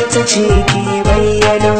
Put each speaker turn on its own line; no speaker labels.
ita ce ke bayyana